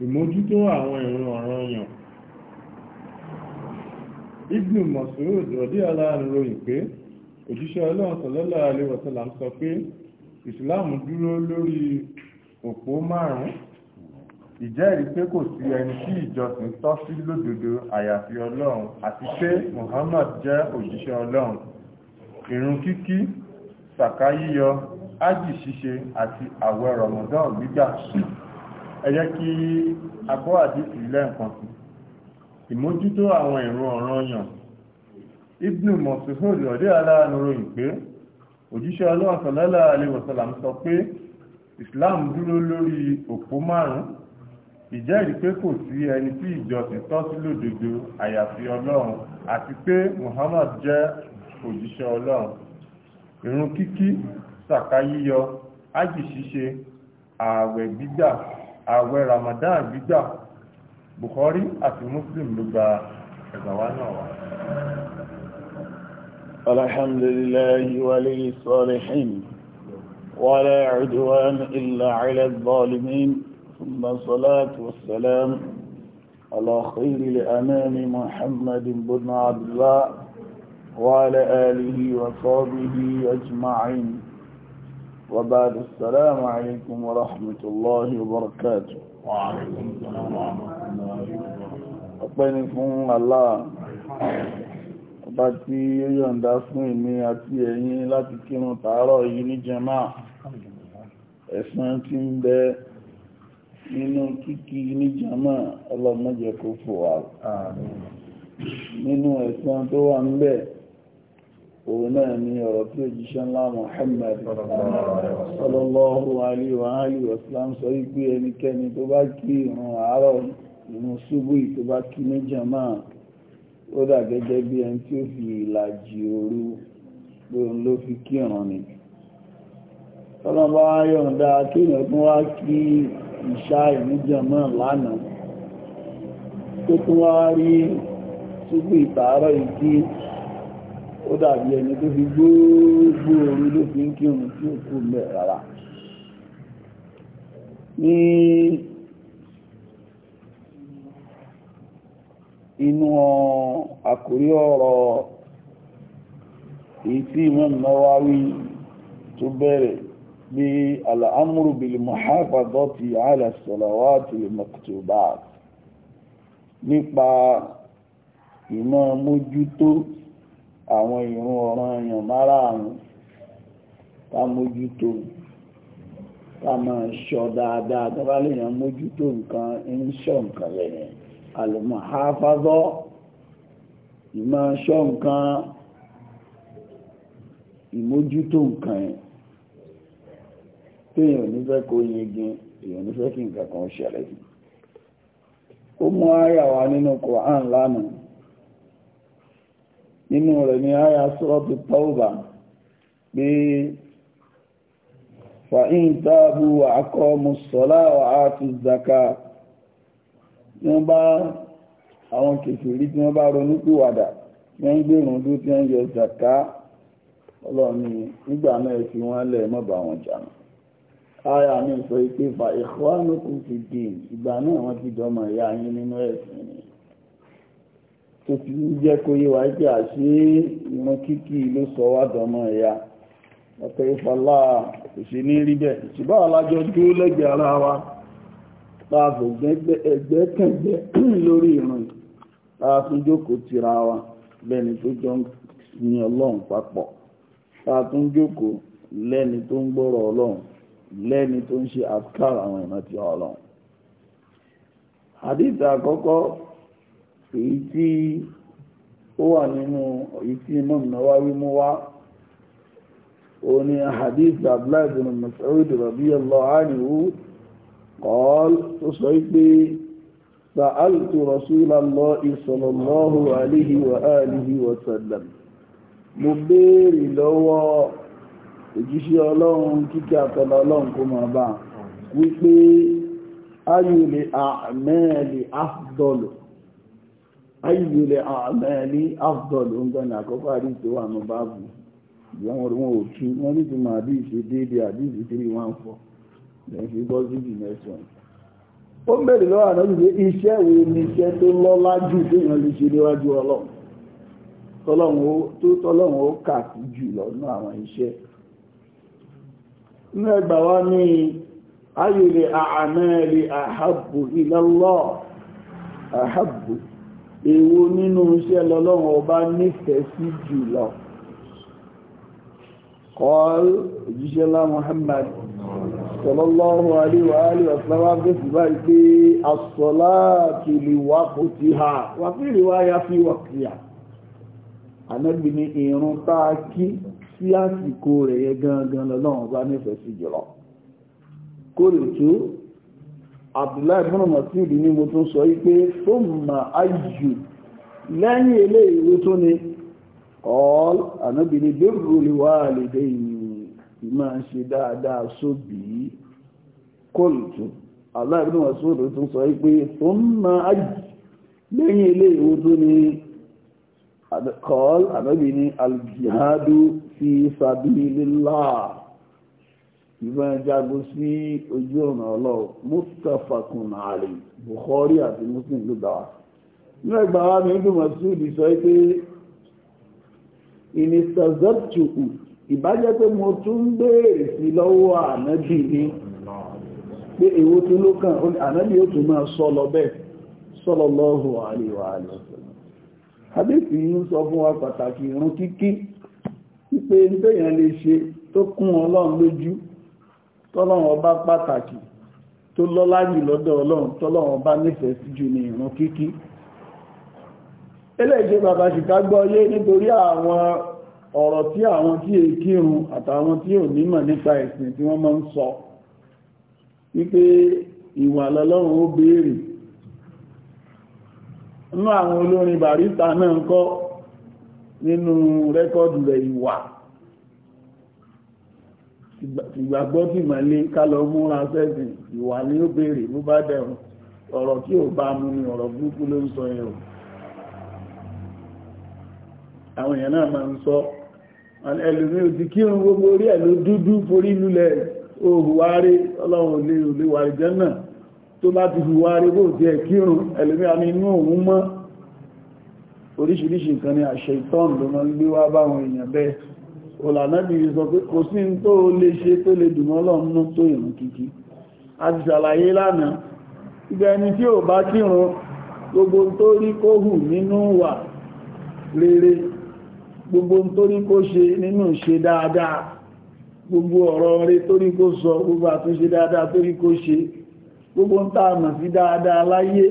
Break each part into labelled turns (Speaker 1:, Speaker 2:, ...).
Speaker 1: ìmójútó àwọn ìran ọ̀ràn yàn ibnu Mas'ud rọ̀dí aláàrùn-ún pé òjíṣẹ́ ọlọ́run sọ̀lọ́lá alẹ́wọ̀sọ́lá ń sọ pé ìsìláàmù dúró lórí òpó márùn-ún ìjẹ́rìí pé kò sí ẹni tí ìjọsìn tọ́ sí lódodo àyàfi ọlọ́run àti pé Muhammad jẹ́ òjíṣẹ́ ọlọ́run ìrun kíkí sàká yíyọ ájì ṣíṣe àti àwẹ̀ Ramadan gbígbà ẹ jẹ́ kí akọ́ àdìsí lẹ́ǹkan sí ìmójútó àwọn ìrun ọ̀ranyàn ibnu mọ̀sùlùmí ọ̀dẹ́ aláàánúròyìn pé òjíṣẹ́ ọlọ́run sọ̀lọ́lá àlewọ̀sọ̀làm sọ pé islam dúró lórí òpó márùn-ún ìjẹ́rìí pé kò sí ẹni tí ìjọsìn tọ́ sí lódodo àyàfi ọlọ́run àti pé muhammad jẹ́ òjíṣẹ́ ọlọ́run ìrun kíkí sàkáyíyọ ájì ṣíṣe ààwẹ̀ gbígbà ààwẹ̀ Ramadan gbígbà Bukhari àti Muslim ló gba ẹ̀gbà wa náà wá. alhamdulillahi waliy
Speaker 2: salihin wala udwan illa ala zalimin thumma salatu wassalam ala khayri l'anami Muhammadin ibn Abdullah وعلى آله وصحبه أجمعين وبعد السلام عليكم ورحمة الله وبركاته
Speaker 1: وعليكم السلام ورحمة الله
Speaker 2: وبركاته الله ọba tí ó yọ̀ǹda fún èmi àti ẹ̀yin láti kírun tàárọ̀ fò nínú òun náà ni ọ̀rọ̀ tí òjíṣẹ́ ńlá Muhammad sallallahu alaihi wa alihi wasallam sọ wípé ẹnikẹ́ni tó bá kí ìrun àárọ̀ ìrun ṣubú tó bá kí ní jàmá ó dà gẹ́gẹ́ bí ẹni tí ó fi ìlàjì òru pé ló fi kí ìrun ni ṣubú ìtàárọ̀ ìdí ó dàbí ẹni tó fi gbogbo orí ló fi ń kírun tí ó kú mẹ́ rárá ní inú àkórí ọ̀rọ̀ èyí tí Imam Nawawi tó bẹ̀rẹ̀ bí al'amuru bil muhafadati ala salawati al maktubat nípa ìmọ̀ mójútó àwọn ìrun ọ̀ràn èèyàn márààrún ká mójútó ká máa ṣọ́ dáadáa tó bá lè yàn mójútó nǹkan ń ṣọ́ nǹkan lẹ́yìn àlùmọ̀ àfáfọ́ ìmọ̀ ṣọ́ nǹkan ìmójútó nǹkan yẹn téèyàn ní fẹ́ kó yegin èèyàn ní fẹ́ kí nǹkan kan ṣẹlẹ̀ ó mú àyà wa nínú Kùránì lánàá nínú rẹ̀ ni àyà sọ́ọ̀tù tọ́ọ̀bà pé fa'in tábù wà akọ́ musọ́lá wà á ti zaka wọ́n bá àwọn kèfèrí tí wọ́n bá ronú pìwàdà wọ́n ń gbèrún tó tí wọ́n yọ zaka ọlọ́ni nígbà náà fi wọ́n lẹ̀ mọ́bà wọn jàmù àyà mi sọ pé ìkọ́ ànúkù fi dì ìgbà náà wọ́n ti dọ́mọ̀ ìyá yín nínú ẹ̀sìn ni tó fi jẹ́ kó yé wa pé àṣé ìran ló sọ wá dánmọ́ ẹ̀yà ọ̀pẹ̀ ìfọlá òṣè ní rí bẹ́ẹ̀ ṣùgbọ́n lẹ́gbẹ̀ẹ́ ara wa láàfò ẹgbẹ́kẹ̀gbẹ́ lórí ìran láàfin tira wa lẹ́ni tó jọ ní ọlọ́run papọ̀ lẹ́ni tó ń gbọ́rọ̀ ọlọ́run lẹ́ni tó ń ṣe èyí tí ó wà nínú èyí tí Imam Nawawi mú wá òní hadith abdullahi bin mas'ud radiyallahu anhu qal tó sọ pé sa'altu rasulallahi sallallahu alayhi wa alihi wa sallam mo béèrè lọ́wọ́ òjíṣẹ́ ọlọ́run kíkẹ́ àtọ́lá ọlọ́run kó máa bá wípé ayò lè àmẹ́ẹ̀lì afdọ́lù ayílẹ̀ àmẹ́lí afdol ọgbọ́n àkọ́kọ́ àdíṣẹ́ wà ní báàbù ìyàwó wọn ò tú wọ́n ní ti mọ̀ àdíṣe déédé àdíṣe tí wọ́n fọ́ lẹ́yìn bọ́ mẹ́sàn ó ń bèèrè lọ́wọ́ àná wípé iṣẹ́ wo ni iṣẹ́ tó lọ́lá jù ṣe níwájú ọlọ́run tó tọ́lọ́run ó kà èwo nínú iṣẹ́ lọ́lọ́run ọba nífẹ̀ẹ́ sí jùlọ kọ́l òjíṣẹ́lá Muhammad sallallahu alaihi wa alihi wasallam gẹ́sì báyìí pé as-salatu li waqtiha wà fi riwaya fi waqtiha Ànábì ní ìrun táa kí sí àsìkò rẹ̀ yẹ gangan lọ́lọ́run ọba nífẹ̀ẹ́ sí jùlọ kó lè tó Abdullahi ibn Mas'ud ní mo tún sọ wípé fóòmà ayù lẹ́yìn ilé ìwé tó ní all anábìnrin bẹ́rù olùwà àlèdè yìí máa ń ṣe dáadáa sóbì kóòtù Abdullahi ibn Mas'ud tún sọ wípé fóòmà ayù lẹ́yìn ilé ìwé tó ní call anábìnrin aljihadu fi sabilillah ìbọn jagun sí ojú ọ̀nà ọlọ́run mustapha kunari bukhari àti muslim ló gbà wá nínú ẹgbà wa ní ìdùnmọ̀ sùúrù sọ pé ìnìsàzọ́tùkù ìbájẹ́ pé mo tún ń béèrè sí lọ́wọ́ ànábì ní pé èwo tó ló kàn ànábì ó tún máa sọ lọ bẹ́ẹ̀ sallallahu alaihi wa alihi wasallam hadith yìí sọ fún wa pàtàkì ìrun kíkí wípé ń tẹ́yàn lè ṣe tó kún ọlọ́run lójú tọ́lọ́run ọba pàtàkì tó lọ́lá jù lọ́dọ̀ ọlọ́run tọ́lọ́run ọba nífẹ̀ẹ́ sí jù ní ìrun kíkí eléèṣẹ́ bàbá ṣìkágbọ́ yé nítorí àwọn ọ̀rọ̀ tí àwọn tí è kírun àtàwọn tí ò nímọ̀ nípa ẹ̀sìn tí wọ́n máa ń sọ wípé ìwà ìgbàgbọ́ tí mà lé ká lọ múra sẹ́sìn ìwà ni ó béèrè ló bá dẹ̀rùn ọ̀rọ̀ tí ò bá mú ni ọ̀rọ̀ burúkú ló ń sọ yẹn o àwọn èèyàn náà máa ń sọ ẹlùmí ò ti kírun gbogbo orí ẹ̀ ló dúdú forí lulẹ̀ òhùwárí ọlọ́run lè ò lè wà ìjẹ́ náà tó bá ti hùwárí bó ti ẹ̀ kírun ẹlùmí àmì inú òun mọ́ oríṣiríṣi nǹkan ni àṣẹ ìtọ́n ló máa ń gbé wá báwọn èèyàn bẹ́ẹ̀ olànàbí sọ pé kò sí tó lè ṣe tó lè dùn ọlọ́run tó ìrun kíkí a ti ṣàlàyé lánàá ibẹ̀ ẹni tí ò bá kírun gbogbo tó rí kó hù nínú wà rere gbogbo tó rí kó ṣe nínú ṣe dáadáa gbogbo ọ̀rọ̀ rẹ̀ tó rí kó sọ gbogbo àtúnṣe dáadáa tó rí kó ṣe gbogbo ń sí dáadáa láyé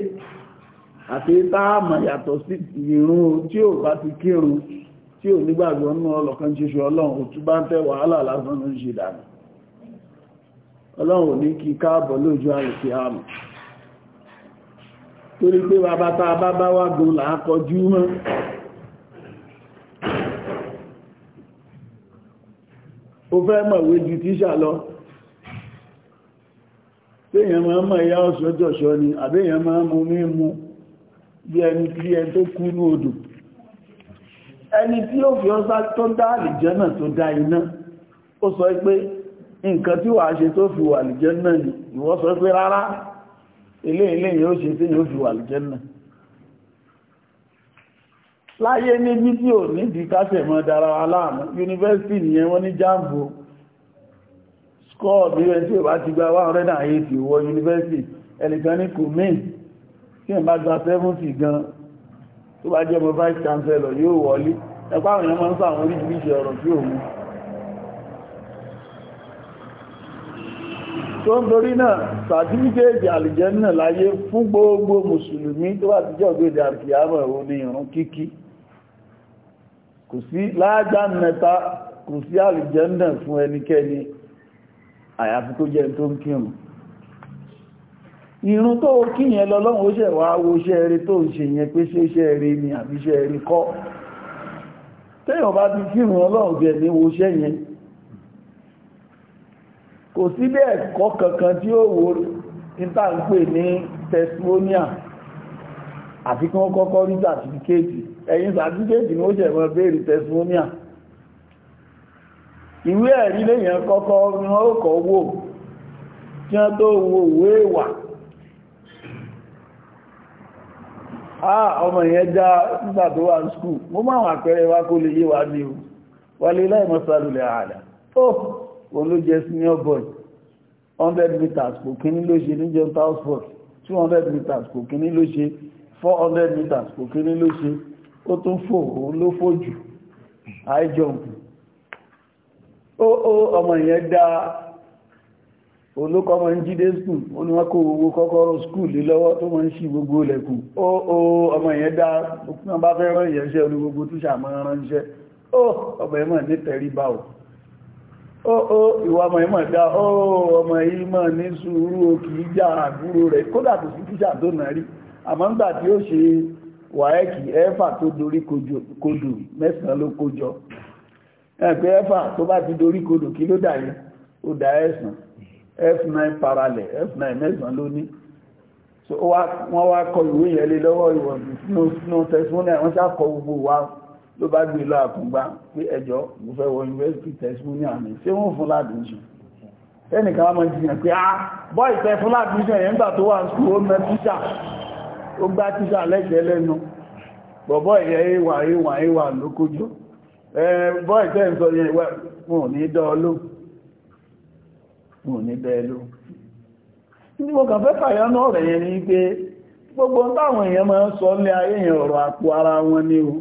Speaker 2: àti tá yàtọ̀ sí ìrun tí ò bá ti kírun tí ò nígbàgbọ́ nínú ọlọ́kan ṣíṣe ọlọ́run òtú bá ń tẹ́ wàhálà lásán ló ń ṣe dànù ọlọ́run ò ní kí káàbọ̀ lójú àìsí àmù torí pé bàbá tá a bá bá wá gùn là á kọjú mọ́ ó fẹ́ mọ̀wé ju tíṣà lọ téèyàn máa mọ̀ ìyá ọ̀ṣọ́jọ̀ṣọ́ ni àbẹ́yàn máa mú mímú bí ẹni tó kú ní odò ẹni tí ó fi ọsá tó dá àlìjẹ́nà tó dá iná ó sọ pé nǹkan tí wàá ṣe tó fi wà àlìjẹ́nà ni ìwọ sọ pé rárá ilé ilé yóò ṣe tí yóò fi wà àlìjẹ́nà láyé níbi tí ò nídìí kásẹ̀ mọ́ dára wa láàmú yunifásitì nìyẹn wọ́n ní jambo skọ́ọ̀ bí wẹ́n tí ò bá ti gba 180 wọ yunifásitì ẹnìkan ní kùmín tí ẹ̀ bá gba 70 gan tó bá jẹ́ mọ́ vice chancellor yóò wọlé ẹgbà àwọn èèyàn máa ń sọ àwọn oríṣiríṣi ọ̀rọ̀ tí òun tó ń torí náà sàtífíkèèjì àlìjẹ́ láyé fún gbogbo mùsùlùmí tó wà tíjọ́ gbèdè àkìyàmọ̀ òun ni irun kíkí kò sí láájá mẹ́ta kò sí àlìjẹ́ náà fún ẹnikẹ́ni àyàfi tó jẹ́ tó ń kírun tó kíyẹn lọ́lọ́run ó wo tó ń ṣe pé ni kọ́ tẹ́yàn bá ti kírun ọlọ́run jẹ ní woṣẹ́ yẹn kò sí bí ẹ̀kọ́ kankan tí ó wo níta ń pè ní testimonial àti kí wọ́n kọ́kọ́ rí sàtífíkéètì ẹ̀yìn sàtífíkéètì ni ó jẹ̀ mọ́ béèrè testimonial ìwé ẹ̀rí lèyàn kọ́kọ́ ni wọ́n kọ́ wò kí wọ́n tó wo ìwé ìwà ah ọmọ yẹn já nígbà tó wà skú mo máa wà pẹ́rẹ wá kó lè yé wà ní o wà lè láì mọ́sálùlẹ̀ ààlà oh òun ló jẹ́ senior boy 100 meters kò kíní ló ṣe ní john talsport 200 meters kò kíní ló ṣe 400 meters kò kíní ló ṣe ó tún fò òun ló fò jù high jump oh oh ọmọ yẹn dá olókọ́ mọ́ ń jídé skùl ó ní wọ́n kó owó kọ́kọ́rọ́ skùl lé lọ́wọ́ tó mọ́ ń ṣí gbogbo lẹ̀kùn ó ó ọmọ ìyẹn dá wọ́n bá fẹ́ rán ìyẹnṣẹ́ olú gbogbo tó ṣàmọ́ ránṣẹ́ ó ọmọ ìmọ̀ ní tẹríba ò ó ó ìwà ọmọ ìmọ̀ dá ó ọmọ ìmọ̀ ní sùúrù òkì ìjà àbúrò rẹ̀ kódà kò f9 parallel f9 mẹ́sàn ló so wọ́n wá kọ ìwé yẹn lé lọ́wọ́ ìwọ̀n snow testimony wọ́n sá kọ gbogbo wa ló bá gbé lọ àkùngbá pé ẹjọ́ mo fẹ́ wọ university testimony àmì ṣé wọ́n fún ládùúṣùn ẹnìkan wọ́n mọ̀ jìyàn pé ah bọ́ ìfẹ́ fún ládùúṣùn yẹn nígbà tó wà ní school ó mẹ́ tíṣà ó gbá tíṣà lẹ́gbẹ̀ẹ́ lẹ́nu bọ̀bọ́ wọn ní bẹ́ẹ̀ ló ní mo kàn fẹ́ rẹ̀ yẹn ni pé gbogbo táwọn èèyàn máa ń sọ lé ayé yẹn ọ̀rọ̀ àpò ara wọn ní o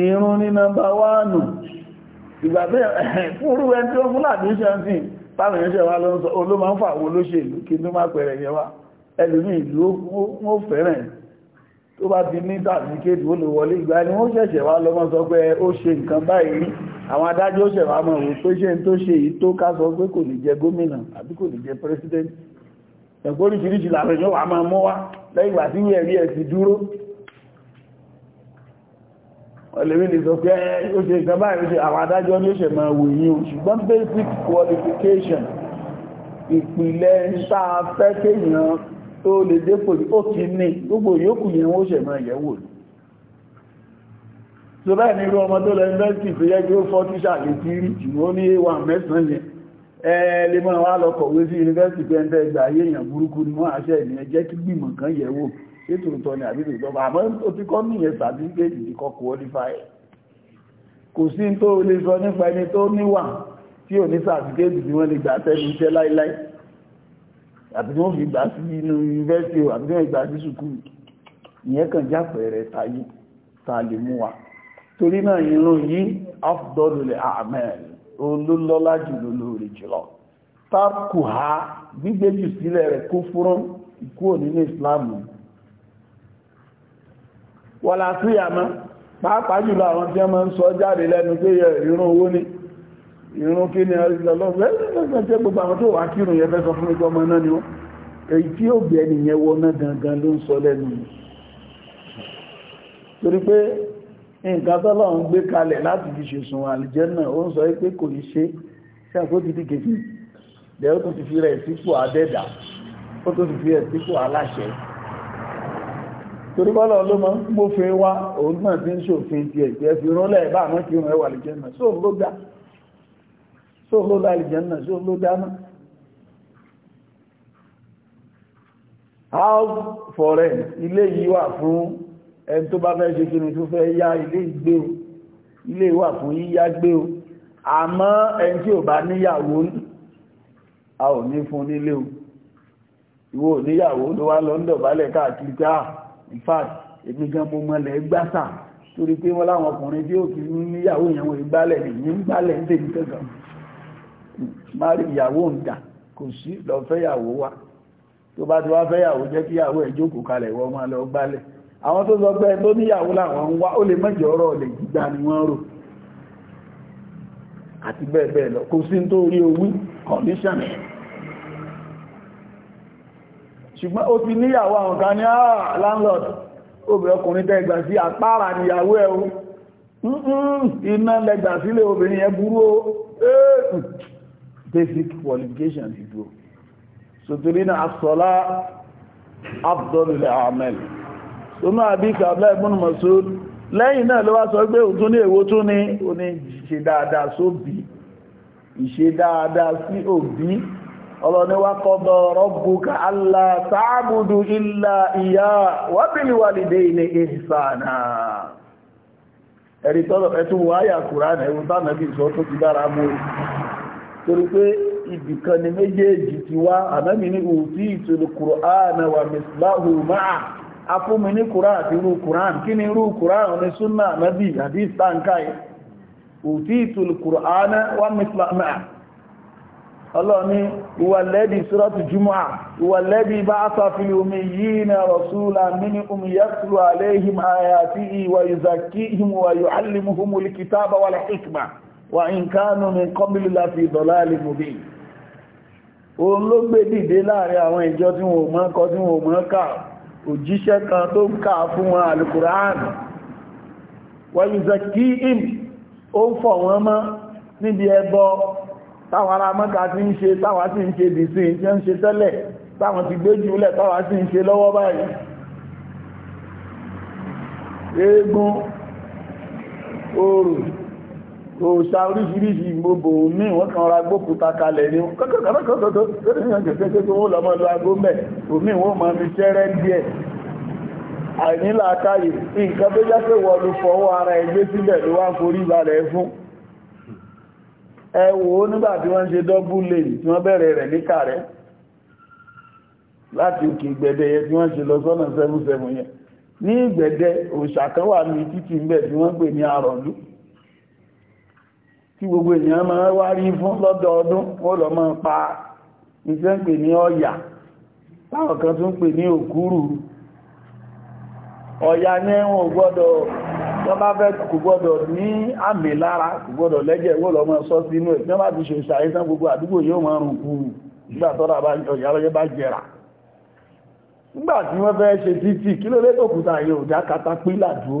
Speaker 2: irun ní nọmba wánù ìgbàgbé fúrú ẹni tí ó fún ní tó bá ti ní tàbíkéèdì ó lè wọlé ìgbà ni wọ́n ṣẹ̀ṣẹ̀ wá lọ́mọ sọ pé ó ṣe nǹkan báyìí àwọn adájọ́ ṣẹ̀ wá mọ̀ wò pé ṣe ń tó ṣe yìí tó ká sọ pé kò ní jẹ gómìnà àbí kò ní jẹ president ẹ̀kọ́ oríṣiríṣi làwọn èèyàn wà máa mú wá lẹ́yìn ìgbà tí wí ẹ̀rí ẹ̀ ti dúró ọlẹ́rí lè sọ pé ó ṣe nǹkan báyìí ṣe àwọn adájọ́ ní ó ṣẹ̀ tó lè dépò ó ti ní gbogbo yòókù yẹn ó ṣẹ̀ máa yẹ̀wò ní so bẹ́ẹ̀ ní irú ọmọ tó lọ yúnivẹ́sìtì tó yẹ kí ó fọ́ tíṣà lè ti rí jù ó ní wà mẹ́sàn-án yẹn ẹ lè máa wá lọ kọ̀wé sí yúnivẹ́sìtì pé ẹgbẹ́ ẹgbà ayé èèyàn burúkú ni wọ́n àṣẹ ìnìyàn jẹ́ kí gbìmọ̀ kan yẹ̀wò ètò ni àbí ìtọ́ àmọ́ ó ti kọ́ níyẹn sàtífíkẹ́tì ti kọ́ qualify kò sí tó lè sọ nípa ẹni tó níwà tí ò ní sàtífíkẹ́tì tí wọ́n lè gbà tẹ́nu iṣẹ́ láíláí àbí tí wọ́n fi gbà sí inú yunifásitì o àbí tí wọ́n gbà sí sùkúù ìyẹn kàn jápẹ̀ẹ́rẹ́ tayé ta lè mú wa torí náà ìrun yìí afdọ́lùlẹ̀ àmẹ́l olólọ́lá jùlọ lórí jùlọ tákù ha gbígbé jù sílẹ̀ rẹ̀ kó fúrán ikú ò nínú ìsìláàmù wọ́n la sí àmọ́ pàápàá jùlọ àwọn tí wọ́n máa ń sọ jáde lẹ́nu pé ìrun owó ni ìrún kí ni ọlọ́fẹ́ gbogbo àwọn tó wà kírun yẹ fẹ́ sọ fún ikọ́ ọmọ náà ni wọ́n èyí tí ó bẹ̀ nìyẹn wọná gangan ló ń sọ lẹ́nu torí pé nǹkan tọ́lọ̀ ń gbé kalẹ̀ láti fi ṣèsùn àlìjẹ́nà ó ń sọ pé kò ní ṣe sí àkó ti di kejì lẹ́ ó tún ti ló máa ń wá òun náà ti ń ṣòfin tiẹ̀ jẹ́ fi rúnlẹ̀ bá àmọ́ kírun ẹwà àlìjẹ́nà sóòrùn ló gbà só ló dá àlìjẹ́nà só ló dáná house for rent ilé yìí wà fún ẹni tó bá fẹ́ ṣe kí ni tó fẹ́ yá ilé ìgbé o ilé wà fún yíyá gbé o àmọ́ ẹni tí ò bá níyàwó a ò ní fún nílé o ìwọ níyàwó ló wá lọ ń dọ̀bálẹ̀ káàkiri pé ah in fact èmi gan mo mọ́lẹ̀ gbásà torí pé wọ́n láwọn ọkùnrin tí ó kì í níyàwó yẹn ìgbálẹ̀ nìyí ń gbálẹ̀ tèmi kankan mari ìyàwó ǹdà kò sí lọ fẹ́yàwó wá tó bá ti wá fẹ́yàwó jẹ́ kí ìyàwó ẹ̀ jókòó kalẹ̀ wọ́n máa lọ gbálẹ̀ àwọn tó sọ tó níyàwó làwọn ń wá ó lè mọ́jọ ọ̀rọ̀ lè gbígbà ni wọ́n rò àti bẹ́ẹ̀ lọ kò sí tó rí owí condition ṣùgbọ́n ó ti níyàwó àwọn kan ní àà ah, landlord obìnrin ọkùnrin tẹ́gbà sí àpára níyàwó ẹ̀ o iná lẹ́gbà sílé obìnrin ẹ burú basic qualification ti dúró sotori na asọ́lá abdullahi ahmed tó máa bí kàbílá ibn Mas'ud lẹ́yìn náà ló wá sọ pé òtún ní èwo tún ní oní ṣe dáadáa sóbí ìṣe dáadáa sí òbí ọlọ́ni wá kọ́dọ̀ rabbuka allá ta'budu illa iya wa bil walidayni ihsana ẹ̀rí ẹ̀tún wáyà kùránà torí pé ibìkan ni méjèèjì ti wá ànábì ní òtí ìtòlù kùránà wà mìsìláhù máa afúnmi ní kùrán àti irú kùrán kí ni irú kùrán ní súnà ànábì àti ìsànkáì òtí ìtòlù kùránà wà mìsìláhù máa ọlọ́ni ìwàlẹ́dì sọ́rọ̀tù jùmọ́ ìwàlẹ́dì bá sáfilì omi yìí na rasúlà mini omi yàtùrù aléhìm àyàtí ìwà wà ń kánú mi kọ́bílù láti ìdọ̀lá alìmòbí òun ló gbé dìde láàrin àwọn ìjọ tí wọn ò mọ̀ kọ tí wọn ò mọ̀ kà òjíṣẹ́ kan tó ń kà fún wọn alìkùránì wọ́n yìí kí im ó ń fọ̀ wọ́n mọ́ níbi ẹbọ táwọn mọ́ka ti ń ṣe táwọn sì ń ṣe dìsí oòrùn òòṣà oríṣiríṣi gbogbo ní wọ́n kan ra gbókúta kalẹ̀ ní kọ́kọ́kọ́kọ́kọ́ tó ní ọjọ́ kẹ́kẹ́ tó wọ́n lọ́mọ lọ agbómẹ̀ omi wọ́n mọ́ mi ṣẹ́rẹ́ díẹ̀ àìnílàákàyè nǹkan tó jẹ́ pé wọ́n lu fọwọ́ ara ẹgbẹ́ síbẹ̀ ló wá tí gbogbo èèyàn máa wá rí fún lọ́dọọdún wọ́n lọ máa pa iṣẹ́ ń pè ní ọ̀yà táwọn kan tún pè ní òkúrù ọ̀yà ní wọn gbọ́dọ̀ wọ́n bá fẹ́ kò gbọ́dọ̀ ní àmì lára kò gbọ́dọ̀ lẹ́jẹ̀ wọ́n lọ máa sọ sínú ẹ̀ tí wọ́n bá ti ṣe ìṣàyẹ́sán gbogbo àdúgbò yóò máa rùn kúrù nígbà tọ́ra ọ̀yà lọ́yẹ́ bá jẹrà nígbà tí wọ́n fẹ́ ṣe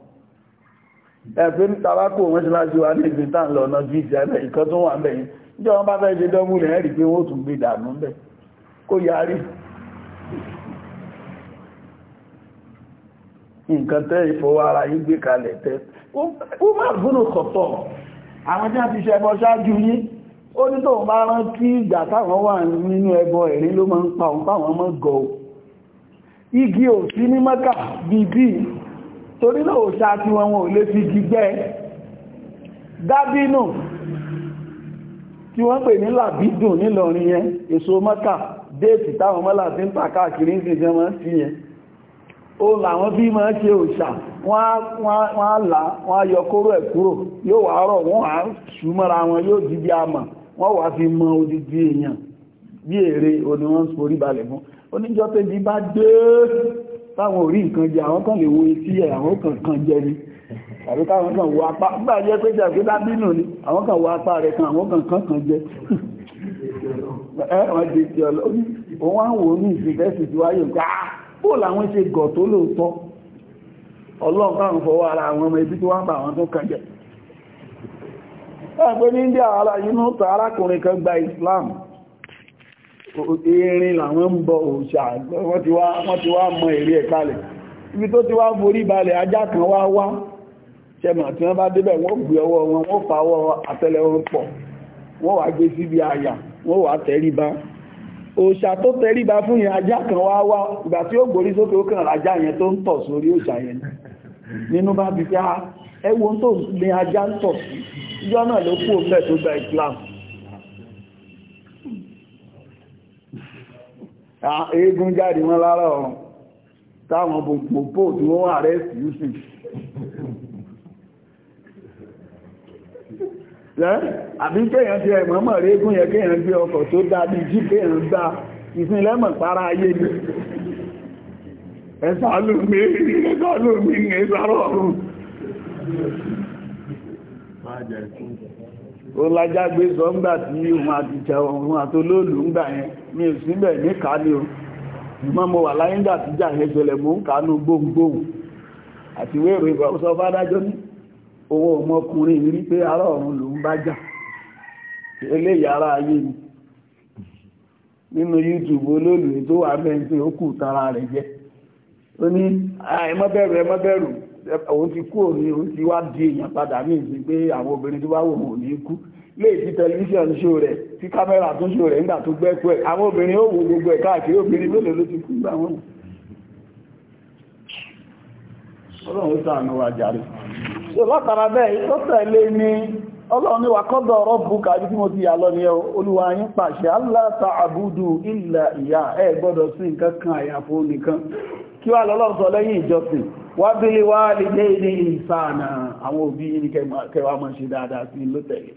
Speaker 2: ẹ̀fẹ́ ń tabako wọ́n ṣe láti wá ní ìgbé tàn lọ́nà gíìsì ẹ̀bẹ̀ ìkan tó wà bẹ̀yìn jọ wọ́n bá fẹ́ ṣe dánmù rẹ̀ rí pé wọ́n tún gbé dànù bẹ̀ kó yarí nǹkan tẹ́ ìfọwọ́ ara yí gbé kalẹ̀ tẹ́ ó má gbónú kọ̀tọ̀ àwọn tí a ti ṣe ẹbọ ṣáájú yí ó ní tóun bá rán kí ìgbà táwọn wà nínú ẹbọ ẹ̀rín ló máa ń pa òun fáwọn ọmọ gọ̀ọ́ igi ò sí ní mẹ́kà bíbí torí náà òṣà tí wọn wọn ò lè fi jígbẹ́ dábínù tí wọ́n pè ní làbídùn nílọrin yẹn èso mọ́kà déètì táwọn mọ́là tí ń tà káàkiri ní ìjẹ́ mọ́ sí yẹn ó làwọn bí mọ́ ṣe òṣà wọ́n á là wọ́n á yọ kóró ẹ̀ kúrò yóò wà rọ̀ wọ́n á ṣùmọ́ra wọn yóò jí bí a mọ̀ wọ́n wà fi táwọn orí nǹkan jẹ àwọn kan lè wo etí àwọn kankan jẹ ni káwọn kan wo apá jẹ́ pé jẹ́ pé lábínú ni àwọn kan wo apá rẹ̀ kan àwọn kankan kan
Speaker 1: ẹ̀wọ̀n
Speaker 2: jẹ́ ti ọlọ́rí òun wá wò ní tí wáyé nǹkan ah, bó làwọn ṣe gọ̀ tó lóòótọ́ ọlọ́run káwọn fọwọ́ ara àwọn ọmọ ibi bá àwọn tó kan ní India kan Islam erin làwọn ń bọ òòṣà wọ́n ti wá mọ èrè ẹ̀ kalẹ̀ ibi tó ti wá forí balẹ̀ ajá kan wá wá ṣẹmọ̀ tí wọ́n bá débẹ̀ wọ́n gbé ọwọ́ wọn wọ́n fàwọ́ àtẹ́lẹwọ́n pọ̀ wọ́n wá gbé síbi àyà wọ́n wá tẹríba òòṣà tó tẹríba fún yẹn ajá kan wá wá ìgbà tí ó gborí sókè ó kàn ajá yẹn tó ń tọ̀ sórí òòṣà yẹn nínú bá bí pé ah, ẹwọ́n tó ní ajá ń tọ̀ sí ìjọ náà ló kú òun bẹ́ẹ̀ tó gba ìsìlámù eégún jáde wọn lára ọ̀run táwọn gbogbo tí wọ́n wà rẹ̀ sí yúsù àbí kéèyàn ti ẹ̀mọ́ mọ̀ régún yẹ kéèyàn gbé ọkọ̀ tó dá bí jí kéèyàn gbá ìsinlẹ́mọ̀ para ayé ni ẹ̀sà lómi ẹ̀sà lómi ní ẹ̀sàrọ̀ ọ̀run
Speaker 1: ó lájá gbé
Speaker 2: sọ ńgbà tí òun àti ìjà òun àtolóòlù ńgbà mi ò síbẹ̀ ní kàá o ìmọ́ mo wà láyé ńgbà tí jà ẹ̀ṣẹ̀lẹ̀ mú kánú gbóhùngbóhùn àti wéèrè ìgbàwọ́sọ fádájọ́ ní owó ọmọkùnrin rí pé ará ọ̀run ló ń bá jà eléyìí ara ayé ni youtube olóòlùwé tó wà mẹ́ntí ó kù tara rẹ̀ jẹ́ ó ní ẹmọ́bẹ̀rù ẹmọ́bẹ̀rù òun ti kú òní òun ti wá di èèyàn padà ní ìsìn pé àwọn obìnrin tó bá wò wọn ò lè tẹlifíṣàn ṣó rẹ tí kámẹ́rà ṣó rẹ nígbà tó gbẹ́kú ẹ̀ àwọn gbogbo ẹ̀ káàkiri obìnrin mélòó ló ti kú gbà wọ́n ọlọ́run sàánú wa jàre so látara bẹ́ẹ̀ tó tẹ̀lé ní ọlọ́run wa kọ́dọ̀ ọ̀rọ̀ búkà bí tí mo ti yà lọ ní pàṣẹ ẹ nìkan bí wá lè ní àwọn òbí kẹwàá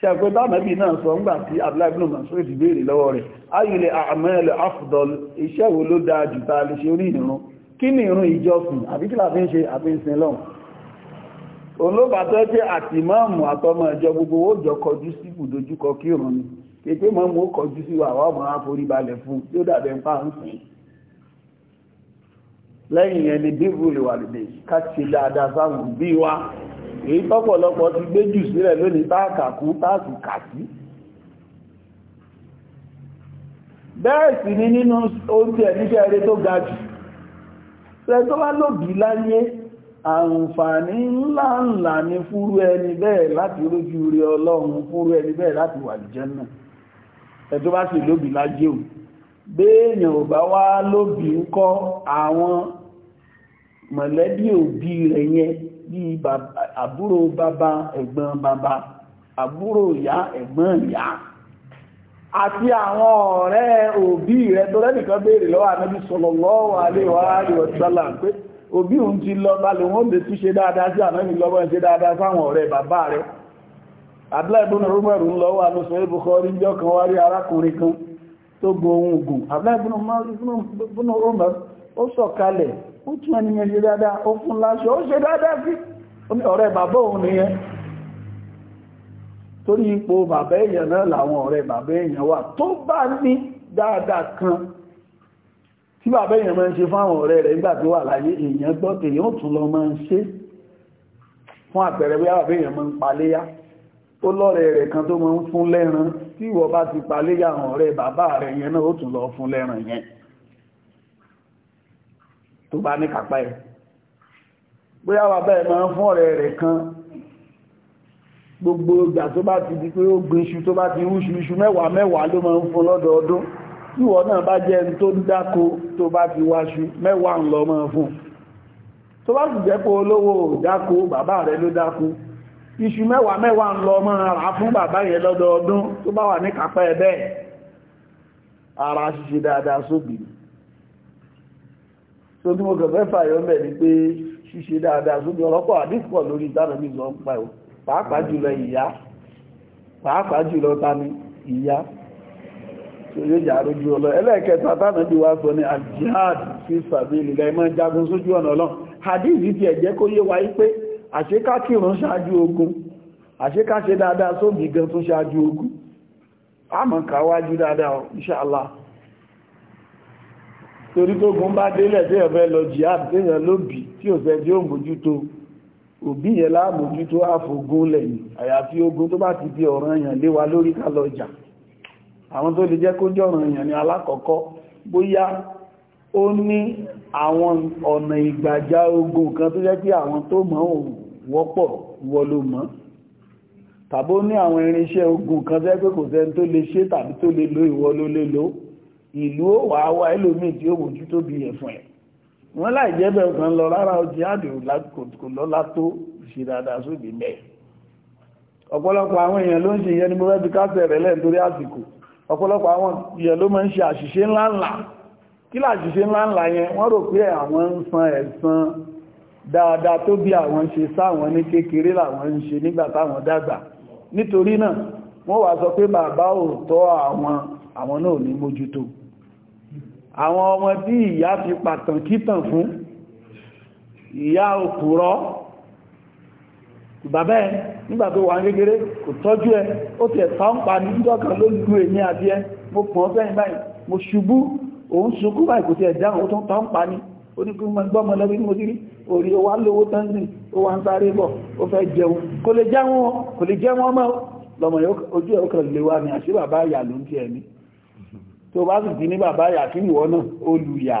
Speaker 2: ṣẹ̀kọ́ tánàbí náà sọ ń gbà tí abúláìbínú masoud béèrè lọ́wọ́ rẹ̀ ayìnlẹ̀ àmẹ́lẹ̀ afdol iṣẹ́ wo ló dáa jù ta lè ṣe orí ìrun kí ni ìrun ìjọsìn àbí la fi ń ṣe àfihàn lọ́hùn olóba tó jẹ́ àtìmọ́ọ̀mù àtọmọ ìjọ gbogbo ó jọ kọjú sí ibùdójúkọ kí ìrun ni pépé mọ́mù ó kọjú sí wa àwọn èyí tọ́pọ̀lọpọ̀ ti gbé jù sílẹ̀ lónìí táàkàkú táàkù kàkí bẹ́ẹ̀ sì ni nínú oúnjẹ ẹ̀níṣẹ́ eré tó ga jù rẹ tó bá lòdì láyé àǹfààní ńláńlá ni fúrú ẹni bẹ́ẹ̀ láti rójú rí ọlọ́run fúrú ẹni bẹ́ẹ̀ láti wà ní jẹ́nà ẹ tó bá sì lòdì láyé o béèyàn ò bá wá lòdì ń kọ́ àwọn mọ̀lẹ́bí òbí rẹ̀ yẹn bí àbúrò bàbá ẹ̀gbọ́n bàbá àbúrò ìyá ẹ̀gbọ́n ìyá àti àwọn ọ̀rẹ́ òbí rẹ̀ tó lẹ́nìkan béèrè lọ́wọ́ ànábì sallallahu alaihi wa sallam pé òbí òun ti lọ bá lè wọ́n lè tún ṣe dáadáa sí ànábì lọ́wọ́ ṣe dáadáa fáwọn ọ̀rẹ́ bàbá rẹ̀ abúláìbùn rúmọ̀rún lọ́wọ́ àlúsọ ibùkọrí jọ kan wá rí arákùnrin kan tó gun ohun ogun abúláìbùn rúmọ̀rún ó sọ̀kalẹ̀ ó tún ẹni yẹn ṣe dáadáa ó fún láṣọ ó ṣe dáadáa sí ọ̀rẹ́ bàbá òun nìyẹn torí ipò bàbá èèyàn náà làwọn ọ̀rẹ́ bàbá èèyàn wà tó bá ní dáadáa kan tí bàbá èèyàn máa ń ṣe fáwọn ọ̀rẹ́ rẹ̀ nígbà tó wà láyé èèyàn gbọ́ tèèyàn tún lọ máa ń ṣe fún àpẹẹrẹ bí bàbá èèyàn máa ń paléyá ó lọ́rẹ̀ rẹ̀ kan tó máa ń fún lẹ́ran tí ìwọ bá ti paléyá àwọn ọ̀rẹ́ bàbá rẹ̀ yẹn náà ó tún lọ tó bá ní kàpá ẹ̀ bóyá bàbá ẹ̀ máa ń fún ọ̀rẹ́ rẹ̀ kan gbogbo ìgbà tó bá ti di pé ó gbin iṣu tó bá ti rúṣu iṣu mẹ́wàá mẹ́wàá ló máa ń fún lọ́dọọdún ìwọ náà bá jẹ́ ẹni tó ń dáko tó bá ti wáṣu mẹ́wàá ń lọ máa fún tó bá sì jẹ́ pé olówó dáko bàbá rẹ̀ ló dáko iṣu mẹ́wàá mẹ́wàá ń lọ máa rà fún bàbá yẹn lọ́dọọdún tó bá wà ní kápẹ́ ẹ̀ bẹ́ẹ̀ ara ṣíṣe dáadáa sóbìnrin tó tí mo kàn fẹ́ fàyọ mẹ́ ni pé ṣíṣe dáadáa sóbi ọlọ́pọ̀ àdínkù lórí ìtànàbí ń pa ẹ̀ pàápàá mm. jùlọ ìyá pàápàá jùlọ tani ìyá tó yóò jà rójú ọlọ́ ẹlẹ́ẹ̀kẹta tánàbí wá sọ ní al-jihad fi sabilillah máa jagun sójú ọ̀nà ọlọ́ hadithi ti ẹ̀jẹ́ kó yé wáyé pé àṣekákìrún ṣáájú ogun àṣekáṣe dáadáa sóbi torí tó gun bá délẹ̀ tí ẹ̀fẹ́ lọ jihad téèyàn ló bì tí ò sẹ́ni ó mójútó òbí yẹn láàmójútó àfògún lẹ́yìn àyàfi ogun tó bá ti di ọ̀ràn èèyàn lé wa lórí ká lọ jà àwọn tó lè jẹ́ kó jẹ́ ọ̀ràn èèyàn ní alákọ̀ọ́kọ́ bóyá ó ní àwọn ọ̀nà ìgbàjá ogun kan tó jẹ́ kí àwọn tó mọ̀ ò wọ́pọ̀ wọ ló mọ̀ tàbí ó ní àwọn irinṣẹ́ ogun kan tó jẹ́ pé kò sẹ́ni tó lè ṣe tàbí tó lè lo ìwọ ló lè lò ìlú ó wà wá ẹlòmíì tí ó wojú tó bí ẹ̀fọn ẹ̀ wọ́n láì jẹ́ bẹ́ẹ̀ kan lọ rárá ọjọ́ àdè kò lọ́lá tó ṣe dáadáa sóde mẹ́ẹ̀ ọ̀pọ̀lọpọ̀ àwọn èèyàn ló ń ṣe ìyẹn ni mo fẹ́ fi kásẹ̀ rẹ̀ lẹ́yìn torí àsìkò ọ̀pọ̀lọpọ̀ àwọn èèyàn ló máa ń ṣe àṣìṣe ńláńlá kí làṣìṣe ńláńlá yẹn wọ́n rò pé àwọn ń san ẹ̀san dáadáa tó bí àwọn ṣe sáwọn ní kékeré làwọn ń ṣe nígbà táwọn dàgbà nítorí náà wọ́n wá sọ pé bàbá òótọ́ àwọn àwọn náà ní mójútó àwọn ọmọ tí ìyá fi pàtàn kítàn fún ìyá òpùrọ́ bàbá ẹ̀ nígbà tó wà ń gẹ́gẹ́rẹ́ kò tọ́jú ẹ ó ti ẹ̀ta ní ìjọ́kan ló èmì àbí ẹ mo pọ̀n fẹ́yìn báyìí mo ṣubú òun ṣubú báyìí kò ti ẹ̀dá òun tó ń ta ń pa ní onígbọ́mọ̀ lẹ́bí mo dírí orí owó alówó tánzì ó wá ń sáré bọ̀ ó fẹ́ jẹun kò lè jẹ́ wọn tó bá sì ti ní bàbá yà kí ìwọ náà olùyà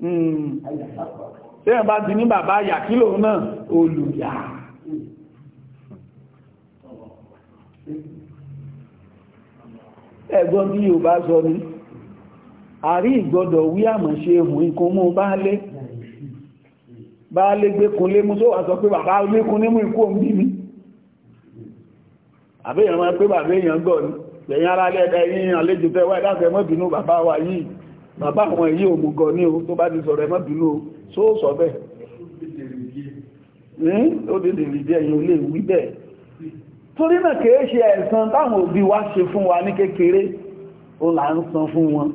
Speaker 2: hmm. tí ẹ̀ bá ti ní bàbá yà kí lò náà olùyà ẹ̀gbọ́n tí yóò bá sọ ní àrí ìgbọ́dọ̀ wí àmọ̀ṣe ohun ikun mú bá lé bá lé gbékun lé mú só wà sọ pé bàbá olékun lé mú ikú òun bí mi àbẹ́yàn máa pé bàbá èèyàn gọ̀ ní lẹ́yìn ara lẹ́ẹ̀dẹ́ yìí àlejò tẹ́wà ìdáfẹ́ mọ́bìnú bàbá wa yìí bàbá àwọn èyí òmùgọ̀ ní o tó bá ti sọ̀rọ̀ mọ́bìnú o só sọ bẹ́ẹ̀ ó dìde rìdí ẹ̀yìn olè wí bẹ́ẹ̀ torí náà kèé ṣe ẹ̀san táwọn òbí wa ṣe fún wa ní kékeré ó là ń san fún wọn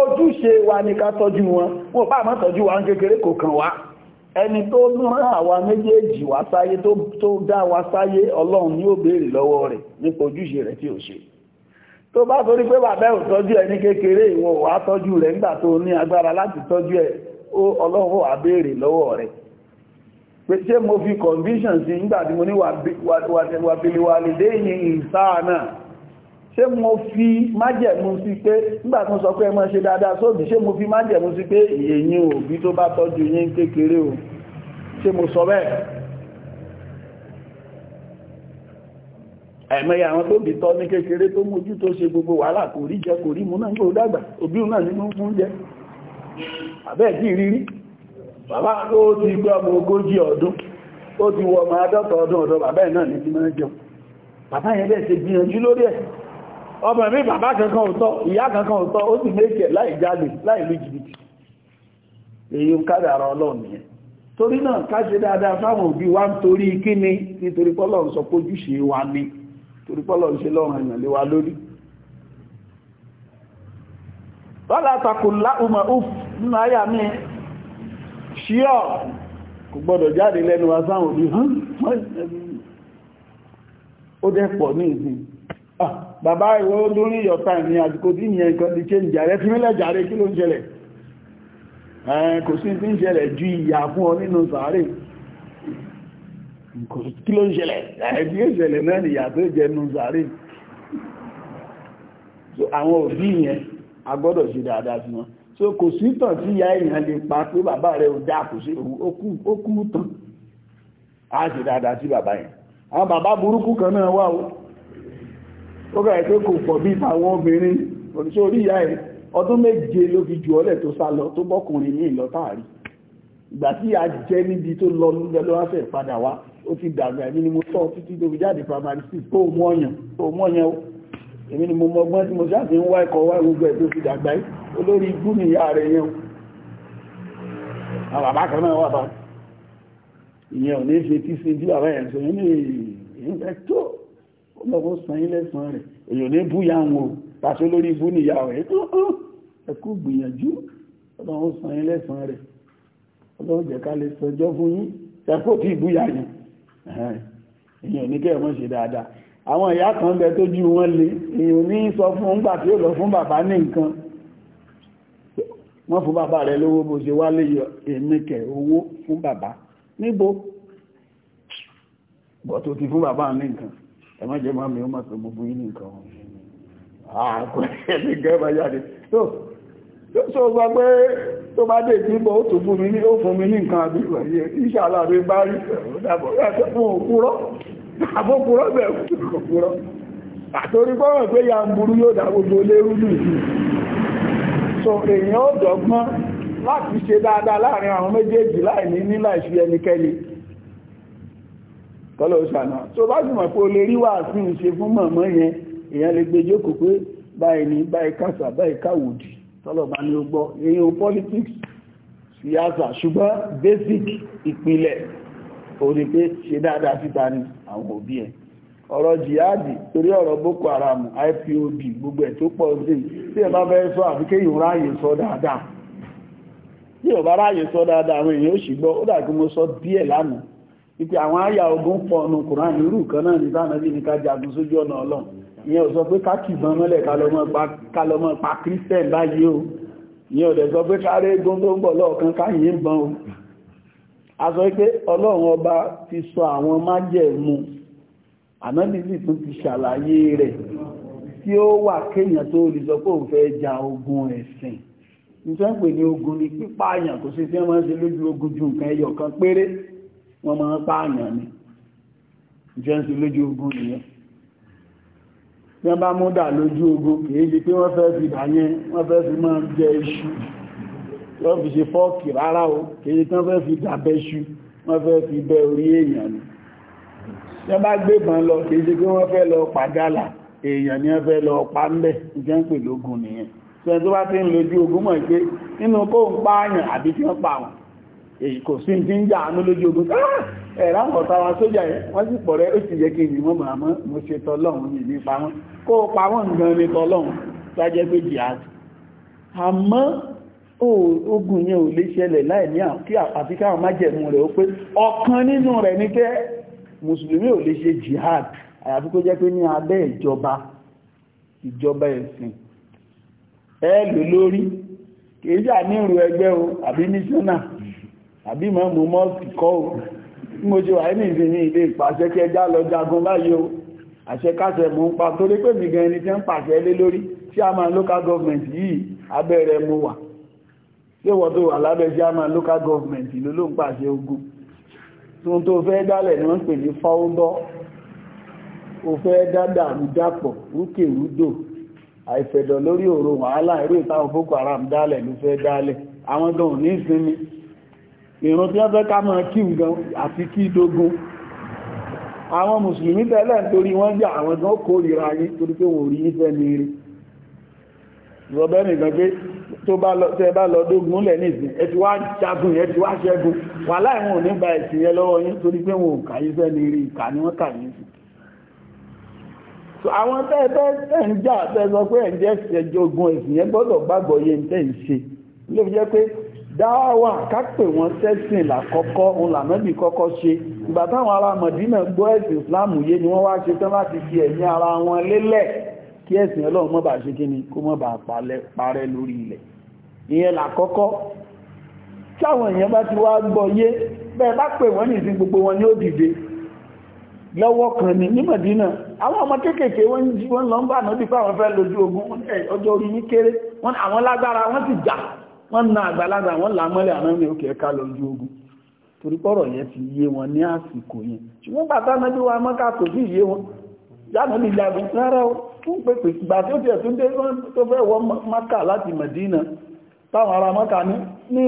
Speaker 2: ojúṣe wa ni ká tọ́jú wọn wọn bá àmọ́ tọ́jú wa ń kékeré kò kàn wá ẹni tó rán àwa méjèèjì wá sáyé tó dá wa sáyé ọlọ́run ni ó béèrè lọ́wọ́ rẹ̀ nípa ojúṣe rẹ̀ tí ó ṣe tó bá torí pé ò tọ́jú ẹni kékeré ìwọ wá tọ́jú rẹ̀ nígbà tó ní agbára láti tọ́jú ẹ̀ ọlọ́run wá béèrè lọ́wọ́ rẹ̀ mo fi ṣé mo fi májẹ̀mú sí pé nígbà tó sọ pé ẹ máa ṣe dáadáa sóbì ṣé mo fi májẹ̀mú sí pé ìyẹ̀yìn bí tó bá tọ́jú yín kékeré o ṣé mo sọ bẹ́ẹ̀ ẹ̀mẹ́yà àwọn tó ní kékeré tó mójú tó ṣe gbogbo wàhálà kò rí jẹ́, kò rí mú náà ń dàgbà òbí náà nínú fún rírí bàbá ti gbé ọmọ ogójì ọdún ó ti wọ ọmọ ti máa jẹun bàbá yẹn bẹ́ẹ̀ ṣe ọmọ mi bàbá kankan òtọ́ ìyá kankan òtọ́ ó sì méjì láì jáde láì lú jìbìtì èyí ń kádàrà ọlọ́run yẹn torí náà ká ṣe dáadáa fáwọn òbí wa ń torí kíni nítorí pọ́lọ́run sọ pójúṣe wa ni torí pọ́lọ́run ṣe lọ́rùn èèyàn lé wa lórí wọ́la takùnlá umar uf nínú ayà mi ṣíọ̀ kò gbọdọ̀ jáde lẹ́nu wa sáwọn òbí hàn ó dẹ́pọ̀ ní ìsìn Ah, bàbá ìwọ lórí ìyọ̀ta ìní àdìkò tí ìyẹn nǹkan ti ṣe ìjàrẹ́ fi mílẹ̀ jàre kí ló ń ṣẹlẹ̀ eh, kò sí ti ń ṣẹlẹ̀ ju ìyà fún ọ nínú sàárè kí ló ń ṣẹlẹ̀ ẹ̀bí eh, ìṣẹ̀lẹ̀ náà nìyà tó jẹ nínú sàárè àwọn òbí yẹn a gbọ́dọ̀ ṣe dáadáa sí wọn so kò sí tàn tí ìyá èèyàn lè pa pé bàbá rẹ̀ ò dáa kò sí ó kú tàn á ṣe dáadáa sí bàbá yẹn àwọn bàbá burúkú ó bẹ̀rẹ̀ pé kò pọ̀ bí ìtàwọn obìnrin oníṣẹ́ orí ìyá ẹ̀ ọdún méje ló fi jù ọlẹ̀ tó sá lọ tó bọ́kùnrin ní ìlọ́tàárí ìgbà tí a jẹ́ níbi tó lọ lóúnjẹ́ ló wá fẹ́ padà wá ó ti dàgbà èmi ni mo tọ́ títí tó fi jáde primary six tó mú ọyàn tó mú ọyàn ó èmi ni mo mọgbọ́n tí mo ṣáàtì ń wá ẹ̀kọ́ wá gbogbo ẹ̀ tó fi dàgbà yìí olórí igbú ni ìyá rẹ̀ tó ọlọ́wọ́ san ilé san rẹ̀ èyàn ní bú ya wọn pàṣẹ lórí bú níyà rẹ̀ ẹkú gbìyànjú ọlọ́wọ́ san ilé san rẹ̀ ọlọ́wọ́ jẹ́ ká lè sọjọ́ fún yín ẹkú tí bú ya yẹn èyàn ní kẹ́ mọ́ ṣe dáadáa àwọn ìyá kan bẹ tó ju wọn lé èyàn ní sọ fún gbà tí ó lọ fún bàbá ní nǹkan wọ́n fún bàbá rẹ̀ lówó bó ṣe wálé èmi kẹ̀ owó fún bàbá níbo bọ́ tó ti fún bàbá ní nǹkan ẹ má jẹ́ máa mi ó má sọ gbogbo yìí nìkan àkọsẹ̀ ní gẹ́gbà jáde tó sọ gbà pé tó bá dé tí bọ́ ó tó fún mi ní ó fún mi ní nǹkan àbí ìwọ̀nyẹ ìṣàlá rẹ bá rí dàbọ̀ ẹ̀kọ́ fún òkúrọ́ àbókúrọ́ bẹ̀ òkúrọ́ àtorí bọ́rọ̀ pé ya ń burú yóò dá gbogbo lérú nù so èèyàn ó dọ̀gbọ́n láti ṣe dáadáa kọ́lọ̀ ṣàná tó bá jùmọ̀ pé o lè rí wàásù ṣe fún mọ̀mọ́ yẹn èèyàn lè gbé jókòó pé báyìí ní báyìí kásà báyìí káwòdì ní ó gbọ́ politics siyasa ṣùgbọ́n basic ìpìlẹ̀ ní pé ṣe dáadáa síta ní àwọn torí ọ̀rọ̀ boko haram ipob gbogbo ẹ̀ tó pọ̀ sí tí ẹ bá fẹ́ sọ sọ dáadáa tí ò bá sọ dáadáa àwọn èèyàn ó ó dàgbé ìpé àwọn àyà ogun pọ̀ ọ̀nà kùránì irú kan náà ní sáàmẹ́bí ní ká jagun sójú ọ̀nà ọlọ́run ìyẹn ò sọ pé kákìbọn mọ́lẹ̀ kalọmọ́ pa kírísítẹ̀n báyìí o ìyẹn ò dẹ̀ sọ pé káre egun tó o a sọ pé ọlọ́run ọba ti sọ àwọn májẹ̀mú ànábì sì tún ti wọ́n máa ń pààyàn ni jẹ́nsì lójú ogun nìyẹn tí wọ́n bá mú dà lójú ogun kìí di pé wọ́n fẹ́ fi dà yẹn wọ́n fẹ́ fi máa jẹ iṣu wọ́n fi ṣe fọ́ọ̀kì rárá o kìí tí fẹ́ fi dàbẹ́ṣu wọ́n fẹ́ fi bẹ orí èèyàn ni tí wọ́n bá gbébọn lọ kìí ṣe pé wọ́n fẹ́ lọ pàgálà èèyàn ni wọ́n fẹ́ lọ pa ń bẹ̀ jẹ́ǹpè lógun nìyẹn tí wọ́n tó bá ti ń lójú ogun mọ̀ pé nínú kó ń pààyàn àbí tí wọ́n pa èyí kò sí ti ń jàánú lójú ogun ah! ẹ̀rá ọ̀tá wa sójà yẹn wọ́n sì pọ̀ rẹ̀ ó sì yẹ kí ni wọ́n máa mọ́ mo ṣe tọ́lọ́run yìí nípa wọn kó pa wọ́n gan ni tọ́lọ́run lájẹ́ pé jihad àmọ́ ogun yẹn ò lè ṣẹlẹ̀ láì ní àti káwọn májẹ̀mú rẹ̀ ó pé ọ̀kan nínú rẹ̀ ní kẹ́ mùsùlùmí ò lè ṣe jihad àyàfi kó jẹ́ pé ní abẹ́ ìjọba ìjọba ẹ̀sìn ẹ lò lórí kìí jà ní ìrù ẹgbẹ́ o àbí mísọ́nà àbí mọ́ mú mọ́sí kọ́ ò mo ṣe wà ní ìsinmi ilé ìpàṣẹ kí ẹjá lọ jagun báyìí o àṣẹ káṣẹ mú pa torí pé mi ẹni tí ń pàṣẹ lé lórí tí a máa local government yìí abẹ́rẹ́ mo wà tí wọ́n tó wà lábẹ́ tí a máa local government ló ló ń pàṣẹ ogun tún tó fẹ́ dálẹ̀ ni wọ́n pè ní fáúndọ́ o fẹ́ dádà rúdàpọ̀ rúkè rúdò àìfẹ̀dọ̀ lórí ọ̀rọ̀ wàhálà irú ìtàwọn Boko Haram dálẹ̀ ló fẹ́ dálẹ̀ àwọn gan ò ní ìsinmi ìrun tí wọ́n fẹ́ ká máa kí ǹgan àti kí dógún àwọn mùsùlùmí tẹ́lẹ̀ nítorí wọ́n jẹ́ àwọn gan kórìíra yí torí pé wọ́n rí ìfẹ́ ní rí ìrọ̀bẹ́nì gan pé tó bá lọ dógún lẹ̀ nìsìn ẹ ti wá jagun ẹ ti wá ṣẹ́gun dáwà kápẹ̀ wọn sẹ́sìn làkọ́kọ́ òun lànàbì kọ́kọ́ ṣe ìgbà táwọn ará mọ̀dínà gbọ́ ẹ̀sìn islam yé ni wọ́n wá ṣe tán láti fi ẹ̀mí ara wọn lélẹ̀ kí ẹ̀sìn ọlọ́run mọ́ bá ṣe kíni kó mọ́ bá parẹ́ lórí ilẹ̀ ìyẹn làkọ́kọ́ táwọn èèyàn bá ti wá gbọ́ yé bẹ́ẹ̀ bá pè wọ́n nìsín gbogbo wọn ni ó dìde lọ́wọ́ kan ni ní mọ̀dínà àwọn ọmọ kéékèèké wọ́n lọ ń bà náà bí fáwọn fẹ́ lójú ogun ọjọ́ orí yín kéré wọ́n àwọn lágbára wọ́n ti jà wọ́n na àgbàlagbà wọ́n là mọ́lẹ̀ ànábì òkè ẹ̀ka lójú ogun torí pọ́rọ̀ yẹn ti yé wọn ní àsìkò yẹn ṣùgbọ́n bàtà náà bí wọ́n amọ́ká kò sí yé wọn jáde ní jagun rárá o fún pèpè ìgbà tó tiẹ̀ tó dé tó fẹ́ wọ mọ́kà láti mẹ̀dínà táwọn ará mọ́kà ní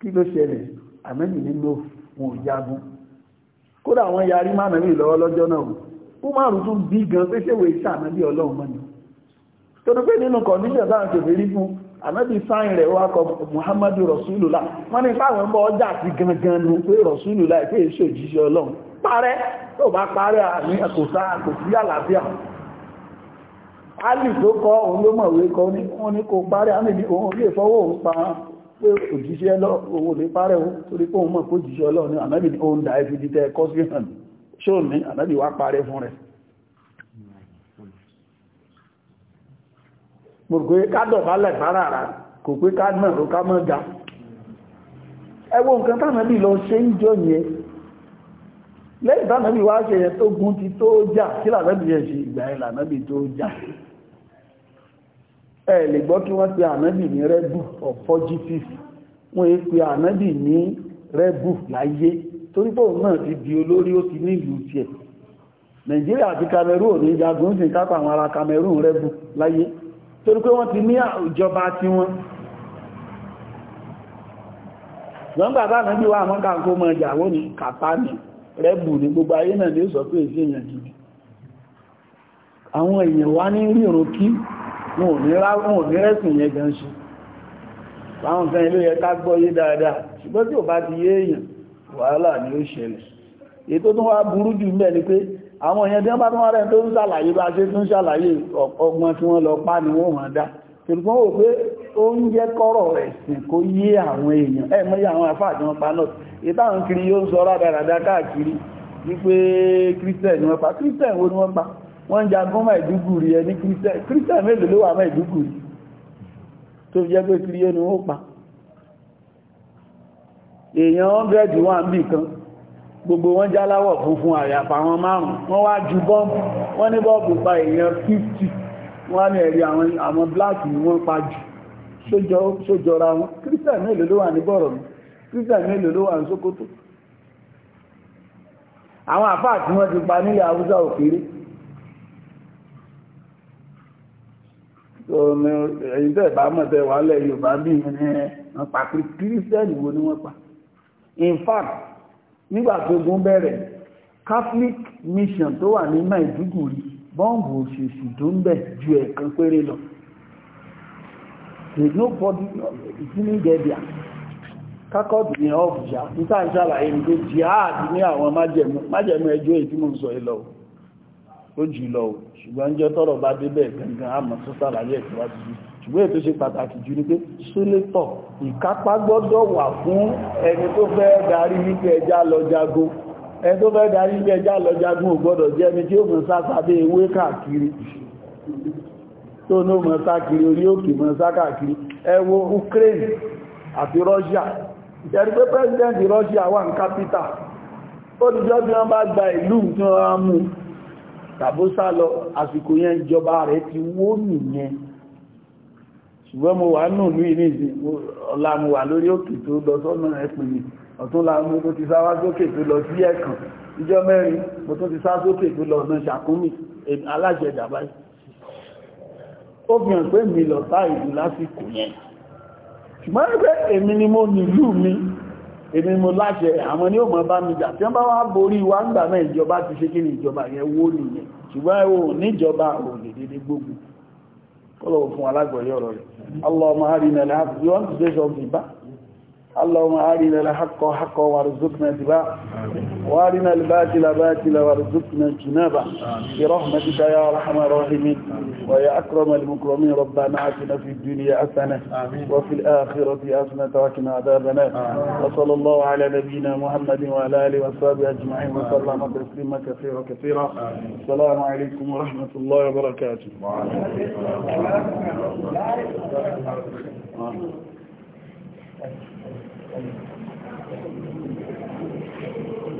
Speaker 2: kí ló ṣẹlẹ̀ àmẹ́bì nílò wọn ò jagun kódà wọ́n yarí má mẹ́rin lọ́wọ́ lọ́jọ́ náà ó márùn tún bí gan pé ṣe wèé sàmẹ́bì ọlọ́run mọ́ni torí pé nínú kọ̀díṣẹ̀ táwọn tòbí rí fún àmẹ́bì sáyìn rẹ̀ wá kọ muhammadu rasulullah wọ́n ní fáwọn ọmọ ọjà ti gangan nu pé rasulullah pé èso òjíṣẹ́ ọlọ́run parẹ́ tó bá parẹ́ àmì àkòsá àkòsí àlàáfíà alì tó kọ́ òun ló mọ̀wé kọ́ ní wọ́n ní kò parẹ́ àmì òun lè fọwọ́ òun pa pé òjíṣẹ́ owó lè parẹ́ o torí pé òun mọ̀ kó jíṣẹ́ ọlọ́run ní ànábì ní òun dà ẹ́fì dìtẹ́ ẹ̀kọ́ sí hàn ṣó ní ànábì wá parẹ́ fún rẹ̀ mo pé kádọ̀ bálẹ̀ bára rà kò pé ká náà ló ká mọ́ ga ẹ wo nǹkan tánàbì lọ ṣe ń jọ yẹn lẹ́yìn tánàbì wá ṣe yẹn tó gun ti ẹ lè gbọ́ kí wọ́n pe ànábì ní rẹ́bù of fugitive wọ́n yé pe ànábì ní rẹ́bù láyé torí pé òun náà ti di olórí ó ti ní ìlú tiẹ̀ nàìjíríà àti cameroon ní jagun sí kápá àwọn ará cameroon rẹ́bù láyé torí pé wọ́n ti ní ìjọba tí wọ́n gbọ́ngbà bá náà bí wà mọ́ káàkó mọ́ ìyàwó ní kàtà ní rẹ́bù ní gbogbo ayé náà ní sọ pé èsì èèyàn gidi àwọn èèyàn wá ní rí kí wọn ò ní rẹ́sìn yẹn gan ṣe láwọn nǹkan ilé yẹ ká gbọ́ yé dáadáa ṣùgbọ́n tí ò bá ti yé èèyàn wàhálà ni ó ṣẹlẹ̀ ètò tó wá burú jù mẹ́ ni pé àwọn èèyàn tí wọ́n bá tún wọ́n rẹ̀ tó ń ṣàlàyé bá ṣe tún ṣàlàyé ọgbọ́n tí wọ́n lọ pa ni wọ́n hàn dá tòlùpọ́n wò pé ó ń jẹ́ kọ́rọ̀ ẹ̀sìn kó yé àwọn èèyàn ẹ̀ mọ́ yé àwọn afáà tí wọ́n pa náà ìtàwọn kiri yóò ń sọ rádaràdá káàkiri wípé kírísítẹ̀ ni wọ́n pa wọ́n jagun Maiduguri ẹni kírísítẹ̀ mélòó ló wà Maiduguri tó fi jẹ́ pé kiri ẹnu ó pa èèyàn 100 wà níbì kan gbogbo wọn jáláwọ̀ funfun àyàfà wọn márùn wọ́n wá ju bọ́m̀bù wọ́n ní bọ́m̀bù pa èèyàn 50 wọ́n ní ẹ̀rí àwọn bláàkì ni wọ́n pa jù sójọra wọn kírísítẹ̀ mélòó ló wà ní bọ̀rọ̀ mi kírísítẹ̀ mélòó ló wà ní Sókótó àwọn àfáà tí wọ́n ti pa nílẹ̀ Haúsá òkèrè ẹ̀yìn tẹ́ bá mọ̀ tẹ́ wà lẹ́ Yorùbá bí i ní wọ́n pa kírísítẹ́nì wo ni wọ́n pa in fact nígbà tó gún bẹ̀rẹ̀ Catholic mission tó wà ní Maiduguri bọ́ǹbù òṣèṣì tó ń bẹ̀ ju ẹ̀kan péré lọ there's nobody ìsinmi gẹ̀ẹ́bíà kákọ́ọ̀bù ní ọ̀bùjá níta ìṣàlàyé ní pé jihad ní àwọn májẹ̀mú ẹjọ́ èyí sọ ìlọ́wọ́ ó jù lọ o ṣùgbọ́n jẹ́ tọ́rọ̀ bá débẹ̀ gangan àmọ́ tó sàlàyé ìtìwájú ṣùgbọ́n ètò ṣe pàtàkì jù ní pé sínétọ̀ ìkápá gbọ́dọ̀ wà fún ẹni tó fẹ́ darí wípé ẹja lọ jago ẹni tó fẹ́ darí wípé ẹja lọ jago ò gbọ́dọ̀ jẹ́ ẹni tí ó mọ̀ sásábé ewé káàkiri tó ní ó mọ̀ sákiri orí òkè mọ̀ sákàkiri ẹ wo Ukraine àti Russia ìtẹ́rí pé president Russia wà capital ó ti jọ́ bí wọ́n bá gba ìlú tí wọ́n á mú tàbó sá lọ àsìkò yẹn ìjọba rẹ̀ ti wó nìyẹn ṣùgbọ́n mo wà nù ní ìrìnzì ọ̀la mo wà lórí òkè tó lọ sọ́nà ẹ̀pìnì ọ̀tún la mo tó ti sáwá sókè tó lọ sí ẹ̀kàn ìjọ mẹ́rin mo tó ti sá sókè tó lọ ọ̀nà ṣàkúnmì aláṣẹ ìdàbáyé ó fi hàn pé mi lọ sá ìlú lásìkò yẹn ṣùgbọ́n pé èmi ni mo nílùú mi èmi mo láṣẹ àwọn ní òmọ bá mi jà tí wọ́n bá wá borí wa ń gbà náà ìjọba ti ṣe kí ni ìjọba yẹn wó nìyẹn ṣùgbọ́n ẹ̀ ò níjọba ò lè dédé gbógun kọ́lọ̀ fún alágbọ̀yọ́ rẹ̀ Allah mahari nàlẹ́ have you want to say something اللهم آلنا الحق حقا وارزقنا اتباعه وارنا الباطل باطلا وارزقنا اجتنابه برحمتك يا ارحم الراحمين ويا أكرم المكرمين ربنا آتنا في الدنيا حسنة وفي الآخرة حسنة وقنا عذاب النار وصلى الله على نبينا محمد وعلى آله وصحبه أجمعين وسلم كثيرا كثيرا السلام عليكم ورحمة الله وبركاته ورحمة الله آه.
Speaker 1: وبركاته Amen.